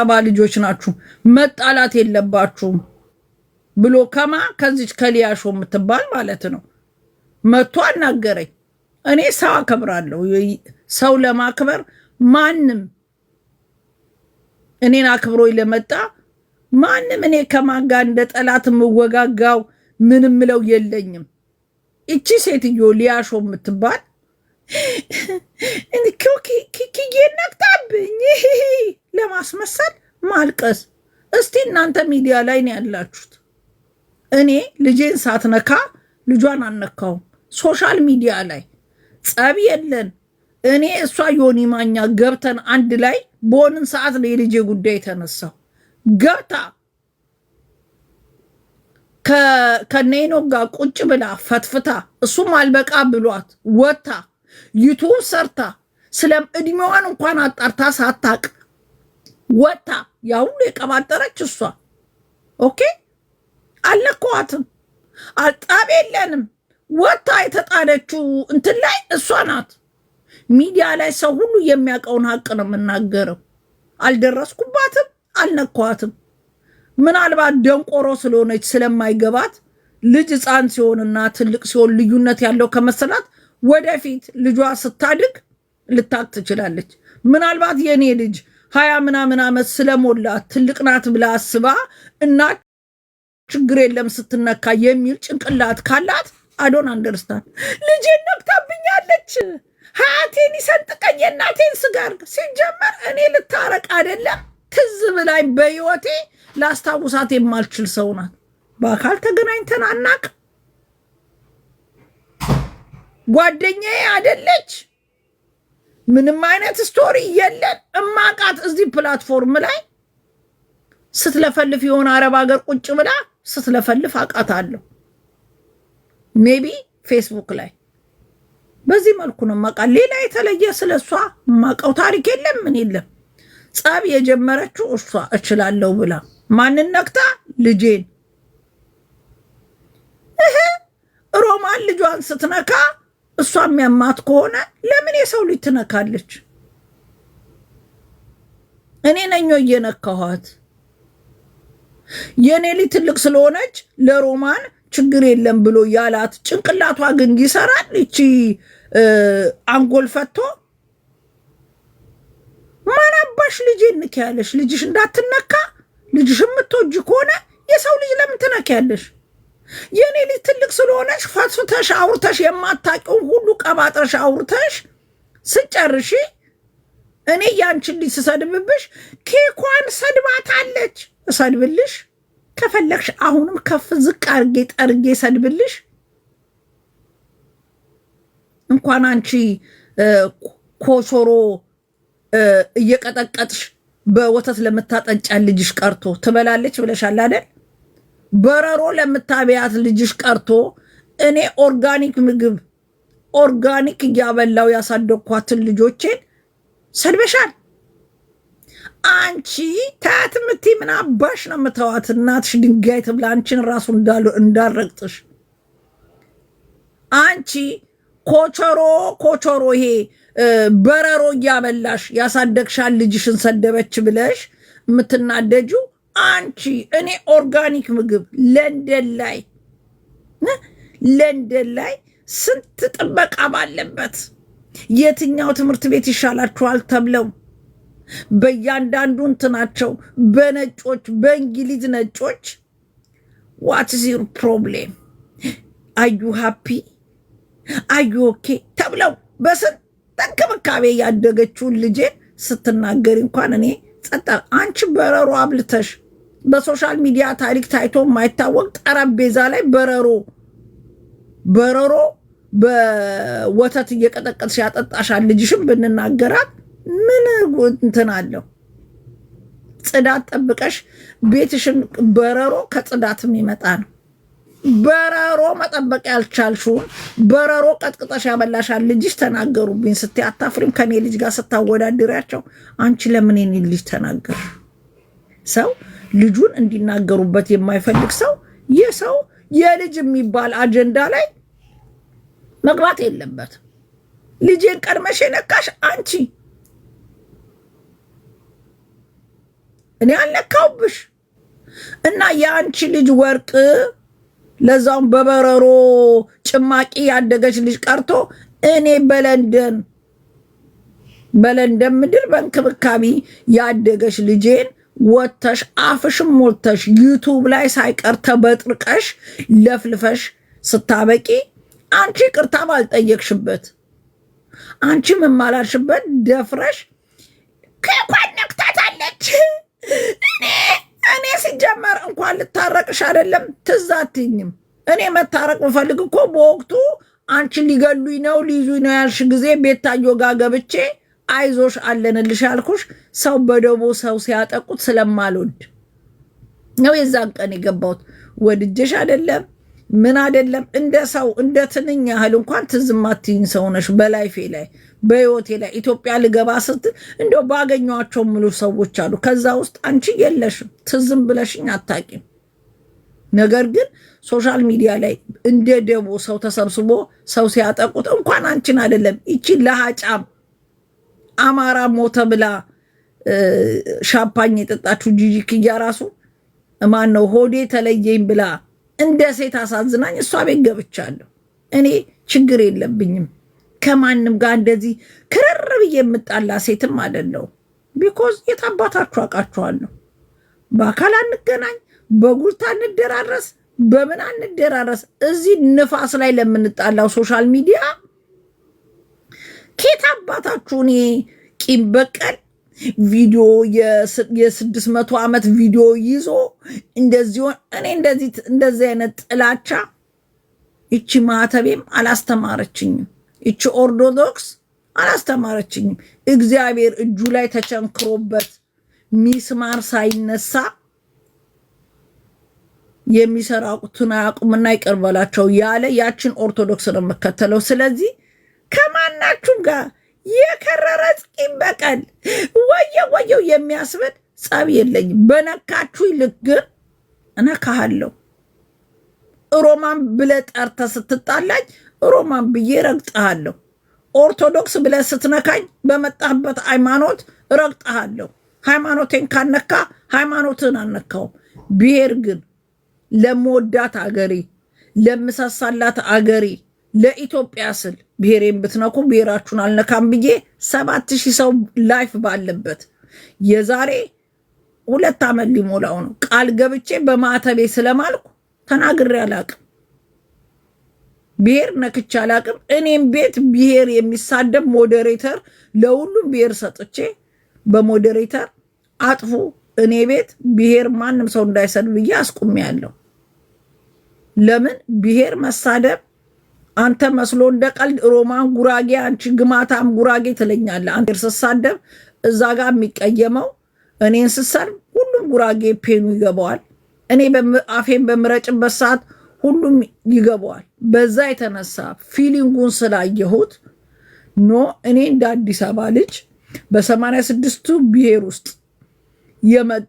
አበባ ልጆች ናችሁ መጣላት የለባችሁም ብሎ ከማ ከዚች ከሊያሾ የምትባል ማለት ነው መጥቶ አናገረኝ። እኔ ሰው አከብራለሁ። ሰው ለማክበር ማንም እኔን አክብሮ ለመጣ ማንም እኔ ከማን ጋር እንደ ጠላት የምወጋጋው ምንም ምለው የለኝም። እቺ ሴትዮ ሊያሾ የምትባል ኪኪዬ ነቅታብኝ ለማስመሰል ማልቀስ። እስቲ እናንተ ሚዲያ ላይ ነው ያላችሁት። እኔ ልጄን ሳትነካ ልጇን አነካውም ሶሻል ሚዲያ ላይ ጸብ የለን። እኔ እሷ ዮኒ ማኛ ገብተን አንድ ላይ በሆንን ሰዓት ነው የልጄ ጉዳይ የተነሳው። ገብታ ከነይኖ ጋር ቁጭ ብላ ፈትፍታ እሱም አልበቃ ብሏት ወታ ዩቱብ ሰርታ ስለም እድሜዋን እንኳን አጣርታ ሳታቅ ወታ ያው ሁሉ የቀባጠረች እሷ ኦኬ አልነካዋትም። አጣብ የለንም ወታ የተጣለችው እንትን ላይ እሷ ናት። ሚዲያ ላይ ሰው ሁሉ የሚያውቀውን ሀቅ ነው የምናገረው። አልደረስኩባትም፣ አልነካዋትም። ምናልባት ደንቆሮ ስለሆነች ስለማይገባት ልጅ ህፃን ሲሆንና ትልቅ ሲሆን ልዩነት ያለው ከመሰላት ወደፊት ልጇ ስታድግ ልታቅ ትችላለች። ምናልባት የእኔ ልጅ ሀያ ምናምን ዓመት ስለሞላት ትልቅ ናት ብላ አስባ እናት ችግር የለም ስትነካ የሚል ጭንቅላት ካላት አዶን አንደርስታን ልጄን ነቅታብኛለች፣ ሀያቴን ይሰንጥቀኝ፣ የእናቴን ስጋር ሲጀመር እኔ ልታረቅ አይደለም ትዝ ብላኝ በህይወቴ ላስታውሳት የማልችል ሰው ናት። በአካል ተገናኝተን አናቅ ጓደኛዬ አይደለች። ምንም አይነት ስቶሪ የለን እማቃት እዚህ ፕላትፎርም ላይ ስትለፈልፍ የሆነ አረብ ሀገር ቁጭ ብላ ስትለፈልፍ አውቃታለሁ። ሜቢ ፌስቡክ ላይ በዚህ መልኩ ነው የማውቃት። ሌላ የተለየ ስለ እሷ የማውቀው ታሪክ የለም። ምን የለም። ጸብ የጀመረችው እሷ እችላለሁ ብላ ማንን ነክታ ልጄን ሮማን ልጇን ስትነካ እሷ የሚያማት ከሆነ ለምን የሰው ልጅ ትነካለች? እኔ ነኞ እየነካኋት የእኔ ልጅ ትልቅ ስለሆነች ለሮማን ችግር የለም ብሎ ያላት ጭንቅላቷ ግን ይሰራል። እቺ አንጎል ፈቶ ማን አባሽ ልጄ ያለሽ ልጅሽ እንዳትነካ ልጅሽ የምትወጅ ከሆነ የሰው ልጅ ለምን ያለሽ? የኔ ልጅ ትልቅ ስለሆነች ፈትተሽ አውርተሽ የማታውቂው ሁሉ ቀባጥረሽ አውርተሽ ስጨርሺ እኔ ያንቺን ልጅ ስሰድብብሽ ኬኳን ሰድባታለች። እሰድብልሽ ከፈለግሽ አሁንም ከፍ ዝቅ አርጌ ጠርጌ ሰድብልሽ። እንኳን አንቺ ኮሶሮ እየቀጠቀጥሽ በወተት ለምታጠጫ ልጅሽ ቀርቶ ትበላለች ብለሻል አይደል? በረሮ ለምታቢያት ልጅሽ ቀርቶ እኔ ኦርጋኒክ ምግብ ኦርጋኒክ እያበላው ያሳደግኳትን ልጆቼን ሰድበሻል። አንቺ ታያት ምቲ ምን አባሽ ነው የምተዋት? እናትሽ ድንጋይ ትብላ አንቺን ራሱ እንዳረግጥሽ። አንቺ ኮቸሮ ኮቸሮ ይሄ በረሮ እያበላሽ ያሳደግሻል ልጅሽን ሰደበች ብለሽ የምትናደጁ አንቺ እኔ ኦርጋኒክ ምግብ ለንደን ላይ ለንደን ላይ ስንት ጥበቃ ባለበት የትኛው ትምህርት ቤት ይሻላችኋል ተብለው በእያንዳንዱ እንትናቸው በነጮች በእንግሊዝ ነጮች ዋትስ ዩር ፕሮብሌም አዩ ሃፒ አዩ ኦኬ ተብለው በስንት እንክብካቤ ያደገችውን ልጄን ስትናገሪ እንኳን እኔ ጸጠር አንቺ በረሮ አብልተሽ በሶሻል ሚዲያ ታሪክ ታይቶ የማይታወቅ ጠረጴዛ ላይ በረሮ በረሮ በወተት እየቀጠቀጥ ሲያጠጣሻል ልጅሽም ብንናገራት ምን እንትን አለው? ጽዳት ጠብቀሽ ቤትሽን በረሮ ከጽዳት ይመጣ ነው። በረሮ መጠበቅ ያልቻልሽውን በረሮ ቀጥቅጠሽ ያበላሻል ልጅሽ ተናገሩብኝ ስትይ አታፍሪም? ከኔ ልጅ ጋር ስታወዳድሪያቸው አንቺ ለምን የኔ ልጅ ተናገር ሰው ልጁን እንዲናገሩበት የማይፈልግ ሰው ይህ ሰው የልጅ የሚባል አጀንዳ ላይ መግባት የለበት። ልጄን ቀድመሽ የነካሽ አንቺ፣ እኔ አልነካውብሽ እና የአንቺ ልጅ ወርቅ ለዛውም በበረሮ ጭማቂ ያደገች ልጅ ቀርቶ እኔ በለንደን በለንደን ምድር በእንክብካቤ ያደገች ልጄን ወጥተሽ አፍሽም ሞልተሽ ዩቱብ ላይ ሳይቀር ተበጥርቀሽ ለፍልፈሽ ስታበቂ አንቺ ቅርታ ባልጠየቅሽበት አንቺ መማላልሽበት ደፍረሽ ከእንኳን ነክታታለች። እኔ እኔ ሲጀመር እንኳን ልታረቅሽ አይደለም ትዝ አትይኝም። እኔ መታረቅ ምፈልግ እኮ በወቅቱ አንቺ ሊገሉኝ ነው ሊይዙኝ ነው ያልሽ ጊዜ ቤታዮ ጋ ገብቼ አይዞሽ አለንልሽ ያልኩሽ ሰው በደቦ ሰው ሲያጠቁት ስለማልወድ ነው የዛን ቀን የገባሁት። ወድጀሽ አይደለም ምን አይደለም እንደ ሰው እንደ ትንኝ ያህል እንኳን ትዝማትኝ ሰውነሽ በላይፌ ላይ በህይወቴ ላይ ኢትዮጵያ ልገባ ስትል እንደው ባገኟቸው ምሉ ሰዎች አሉ። ከዛ ውስጥ አንቺ የለሽም፣ ትዝም ብለሽኝ አታቂም። ነገር ግን ሶሻል ሚዲያ ላይ እንደ ደቦ ሰው ተሰብስቦ ሰው ሲያጠቁት እንኳን አንቺን አይደለም ይቺ ለሀጫም አማራ ሞተ ብላ ሻምፓኝ የጠጣችሁ ጂጂክያ ራሱ ማን ነው ሆዴ ተለየኝ ብላ እንደ ሴት አሳዝናኝ እሷ ቤት ገብቻለሁ። እኔ ችግር የለብኝም ከማንም ጋር እንደዚህ ክርር ብዬ የምጣላ ሴትም አደለው። ቢኮዝ የታባታችሁ አውቃችኋለሁ። በአካል አንገናኝ፣ በጉልት አንደራረስ፣ በምን አንደራረስ። እዚህ ንፋስ ላይ ለምንጣላው ሶሻል ሚዲያ ኬት አባታችሁ እኔ ቂም በቀል ቪዲዮ የስድስት መቶ ዓመት ቪዲዮ ይዞ እንደዚህ እኔ እንደዚህ አይነት ጥላቻ ይቺ ማተቤም አላስተማረችኝም። ይቺ ኦርቶዶክስ አላስተማረችኝም። እግዚአብሔር እጁ ላይ ተቸንክሮበት ሚስማር ሳይነሳ የሚሰራቁትን አያውቁምና ይቅር በላቸው ያለ ያችን ኦርቶዶክስ ነው የምከተለው። ስለዚህ ከማናችሁ ጋር የከረረ ቂም በቀል ወየ ወየው የሚያስብል ጸብ የለኝም። በነካችሁ ግን እነካሃለሁ። ሮማን ብለ ጠርተ ስትጣላኝ ሮማን ብዬ ረግጠሃለሁ። ኦርቶዶክስ ብለ ስትነካኝ በመጣህበት ሃይማኖት ረግጠሃለሁ። ሃይማኖቴን ካነካ ሃይማኖትን አነካውም። ብሔር ግን ለምወዳት አገሬ ለምሳሳላት አገሬ ለኢትዮጵያ ስል ብሔሬን ብትነኩ ብሔራችሁን አልነካም ብዬ ሰባት ሺህ ሰው ላይፍ ባለበት የዛሬ ሁለት ዓመት ሊሞላው ነው ቃል ገብቼ በማዕተቤ ስለማልኩ ተናግሬ አላቅም። ብሔር ነክቼ አላቅም። እኔም ቤት ብሔር የሚሳደብ ሞዴሬተር ለሁሉም ብሔር ሰጥቼ በሞዴሬተር አጥፉ እኔ ቤት ብሔር ማንም ሰው እንዳይሰድ ብዬ አስቁሜ ያለው ለምን ብሔር መሳደብ አንተ መስሎ እንደ ቀልድ ሮማን ጉራጌ፣ አንቺ ግማታም ጉራጌ ትለኛለ። አንተ ስሳደብ እዛ ጋር የሚቀየመው እኔን ስሰርብ ሁሉም ጉራጌ ፔኑ ይገባዋል። እኔ አፌን በምረጭበት ሰዓት ሁሉም ይገባዋል። በዛ የተነሳ ፊሊንጉን ስላየሁት ኖ እኔ እንደ አዲስ አበባ ልጅ በሰማንያ ስድስቱ ብሔር ውስጥ የመጡ